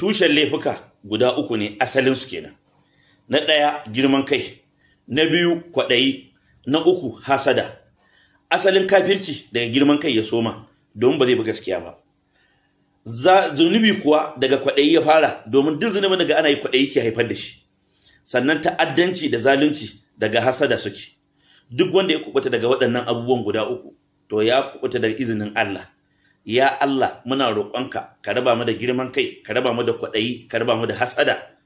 tushen laifuka guda uku ne asalin su kenan na ɗaya girman kai na biyu kwaɗayi na uku hasada asalin kafirci daga girman kai ya soma domin ba zai bi gaskiya ba zunubi kuwa daga kwaɗayi ya fara domin duk zunubin daga ana yi kwaɗayi ke haifar da shi sannan ta'addanci da zalunci daga hasada suke duk wanda ya kubuta daga waɗannan abubuwan guda uku to ya kubuta daga izinin Allah ya Allah muna roƙonka ka raba mu da girman kai ka raba mu da kwaɗayi ka raba mu da hasada